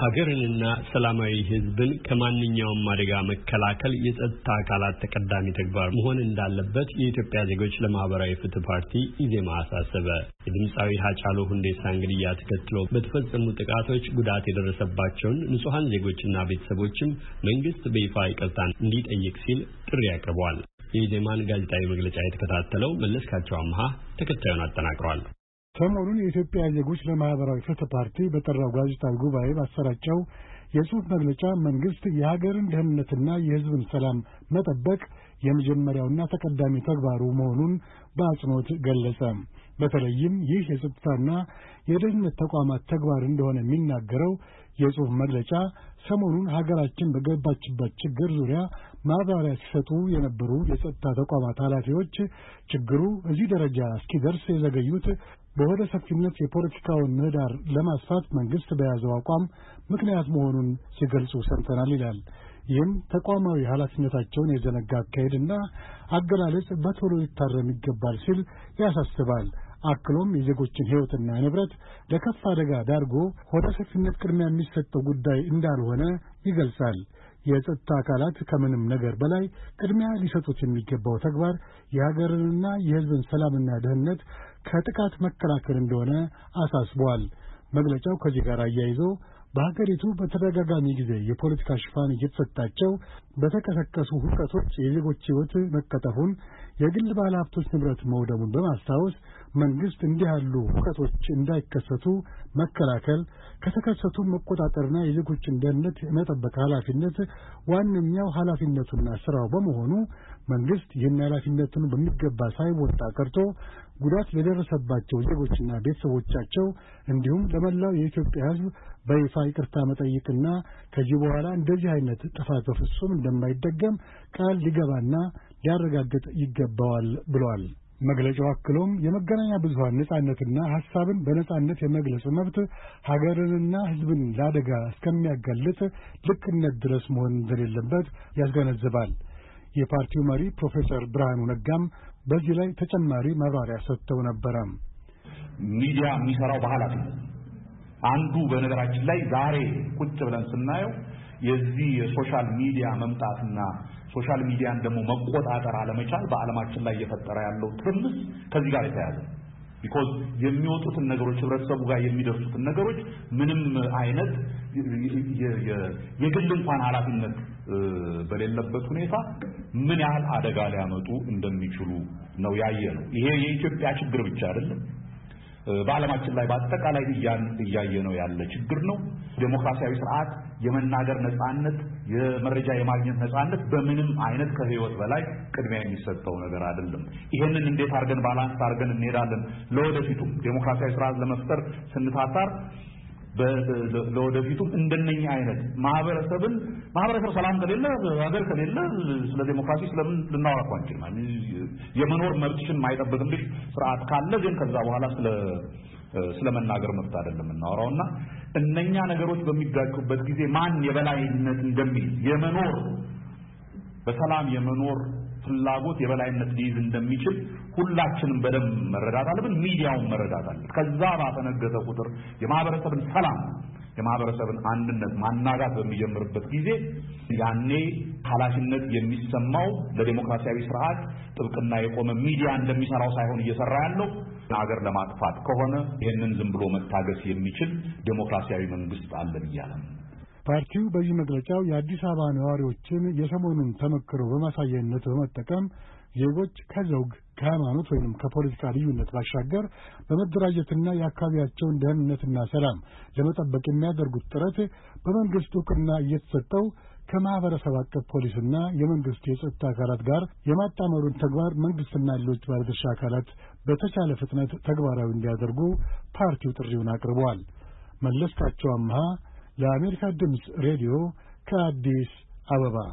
ሀገርንና ሰላማዊ ሕዝብን ከማንኛውም አደጋ መከላከል የጸጥታ አካላት ተቀዳሚ ተግባር መሆን እንዳለበት የኢትዮጵያ ዜጎች ለማህበራዊ ፍትህ ፓርቲ ኢዜማ አሳሰበ። የድምፃዊ ሀጫሉ ሁንዴሳ እንግድያ ተከትሎ በተፈጸሙ ጥቃቶች ጉዳት የደረሰባቸውን ንጹሐን ዜጎችና ቤተሰቦችም መንግስት በይፋ ይቅርታን እንዲጠይቅ ሲል ጥሪ አቅርቧል። የኢዜማን ጋዜጣዊ መግለጫ የተከታተለው መለስካቸው አምሃ ተከታዩን አጠናቅሯል። ሰሞኑን የኢትዮጵያ ዜጎች ለማህበራዊ ፍትህ ፓርቲ በጠራው ጋዜጣዊ ጉባኤ ባሰራጨው የጽሑፍ መግለጫ መንግስት የሀገርን ደህንነትና የህዝብን ሰላም መጠበቅ የመጀመሪያውና ተቀዳሚ ተግባሩ መሆኑን በአጽንኦት ገለጸ። በተለይም ይህ የጸጥታና የደህንነት ተቋማት ተግባር እንደሆነ የሚናገረው የጽሑፍ መግለጫ ሰሞኑን ሀገራችን በገባችበት ችግር ዙሪያ ማብራሪያ ሲሰጡ የነበሩ የጸጥታ ተቋማት ኃላፊዎች ችግሩ እዚህ ደረጃ እስኪደርስ የዘገዩት በሆደ ሰፊነት የፖለቲካውን ምህዳር ለማስፋት መንግሥት በያዘው አቋም ምክንያት መሆኑን ሲገልጹ ሰምተናል ይላል። ይህም ተቋማዊ ኃላፊነታቸውን የዘነጋ አካሄድና አገላለጽ በቶሎ ሊታረም ይገባል ሲል ያሳስባል። አክሎም የዜጎችን ሕይወትና ንብረት ለከፍ አደጋ ዳርጎ ሆደ ሰፊነት ቅድሚያ የሚሰጠው ጉዳይ እንዳልሆነ ይገልጻል። የጸጥታ አካላት ከምንም ነገር በላይ ቅድሚያ ሊሰጡት የሚገባው ተግባር የሀገርንና የሕዝብን ሰላምና ደህንነት ከጥቃት መከላከል እንደሆነ አሳስበዋል። መግለጫው ከዚህ ጋር አያይዞ በሀገሪቱ በተደጋጋሚ ጊዜ የፖለቲካ ሽፋን እየተሰጣቸው በተቀሰቀሱ ሁከቶች የዜጎች ሕይወት መቀጠፉን፣ የግል ባለ ሀብቶች ንብረት መውደሙን በማስታወስ መንግሥት እንዲህ ያሉ ሁከቶች እንዳይከሰቱ መከላከል፣ ከተከሰቱ መቆጣጠርና የዜጎችን ደህንነት የመጠበቅ ኃላፊነት ዋነኛው ኃላፊነቱና ሥራው በመሆኑ መንግሥት ይህን ኃላፊነቱን በሚገባ ሳይወጣ ቀርቶ ጉዳት ለደረሰባቸው ዜጎችና ቤተሰቦቻቸው እንዲሁም ለመላው የኢትዮጵያ ሕዝብ በይፋ ይቅርታ መጠየቅና ከዚህ በኋላ እንደዚህ አይነት ጥፋት በፍጹም እንደማይደገም ቃል ሊገባና ሊያረጋግጥ ይገባዋል ብለዋል። መግለጫው አክሎም የመገናኛ ብዙሀን ነጻነትና ሀሳብን በነጻነት የመግለጽ መብት ሀገርንና ህዝብን ለአደጋ እስከሚያጋልጥ ልክነት ድረስ መሆን እንደሌለበት ያስገነዝባል። የፓርቲው መሪ ፕሮፌሰር ብርሃኑ ነጋም በዚህ ላይ ተጨማሪ ማብራሪያ ሰጥተው ነበረ። ሚዲያ የሚሰራው ባህላት አንዱ በነገራችን ላይ ዛሬ ቁጭ ብለን ስናየው የዚህ የሶሻል ሚዲያ መምጣትና ሶሻል ሚዲያን ደግሞ መቆጣጠር አለመቻል በዓለማችን ላይ እየፈጠረ ያለው ትርምስ ከዚህ ጋር የተያያዘ ቢኮዝ የሚወጡትን ነገሮች ህብረተሰቡ ጋር የሚደርሱትን ነገሮች ምንም አይነት የግል እንኳን ኃላፊነት በሌለበት ሁኔታ ምን ያህል አደጋ ሊያመጡ እንደሚችሉ ነው ያየ ነው። ይሄ የኢትዮጵያ ችግር ብቻ አይደለም። በዓለማችን ላይ በአጠቃላይ እያየ ነው ያለ ችግር ነው። ዴሞክራሲያዊ ስርዓት የመናገር ነጻነት፣ የመረጃ የማግኘት ነጻነት በምንም አይነት ከህይወት በላይ ቅድሚያ የሚሰጠው ነገር አይደለም። ይሄንን እንዴት አድርገን ባላንስ አድርገን እንሄዳለን? ለወደፊቱም ዴሞክራሲያዊ ስርዓት ለመፍጠር ስንታታር ለወደፊቱም እንደነኛ አይነት ማህበረሰብን ማህበረሰብ ሰላም ከሌለ ሀገር ከሌለ ስለ ዴሞክራሲ ስለምን ልናወራኩ አንችል የመኖር መብትሽን ማይጠብቅልሽ ስርዓት ካለ ግን ከዛ በኋላ ስለ ስለመናገር መብት አይደለም እና እነኛ ነገሮች በሚጋጩበት ጊዜ ማን የበላይነት እንደሚይዝ የመኖር በሰላም የመኖር ፍላጎት የበላይነት ሊይዝ እንደሚችል ሁላችንም በደንብ መረዳት አለብን። ሚዲያውን መረዳት አለብን። ከዛ ባፈነገጠ ቁጥር የማህበረሰብን ሰላም፣ የማህበረሰብን አንድነት ማናጋት በሚጀምርበት ጊዜ ያኔ ኃላፊነት የሚሰማው ለዴሞክራሲያዊ ስርዓት ጥብቅና የቆመ ሚዲያ እንደሚሰራው ሳይሆን እየሰራ ያለው ሀገር ለማጥፋት ከሆነ ይህንን ዝም ብሎ መታገስ የሚችል ዴሞክራሲያዊ መንግስት አለን እያለ ፓርቲው በዚህ መግለጫው የአዲስ አበባ ነዋሪዎችን የሰሞኑን ተመክሮ በማሳያነት በመጠቀም ዜጎች ከዘውግ ከሃይማኖት ወይም ከፖለቲካ ልዩነት ባሻገር በመደራጀትና የአካባቢያቸውን ደህንነትና ሰላም ለመጠበቅ የሚያደርጉት ጥረት በመንግስት እውቅና እየተሰጠው ከማኅበረሰብ አቀፍ ፖሊስና የመንግስት የጸጥታ አካላት ጋር የማጣመሩን ተግባር መንግሥትና ሌሎች ባለድርሻ አካላት በተቻለ ፍጥነት ተግባራዊ እንዲያደርጉ ፓርቲው ጥሪውን አቅርበዋል። መለስካቸው አምሃ ለአሜሪካ ድምፅ ሬዲዮ ከአዲስ አበባ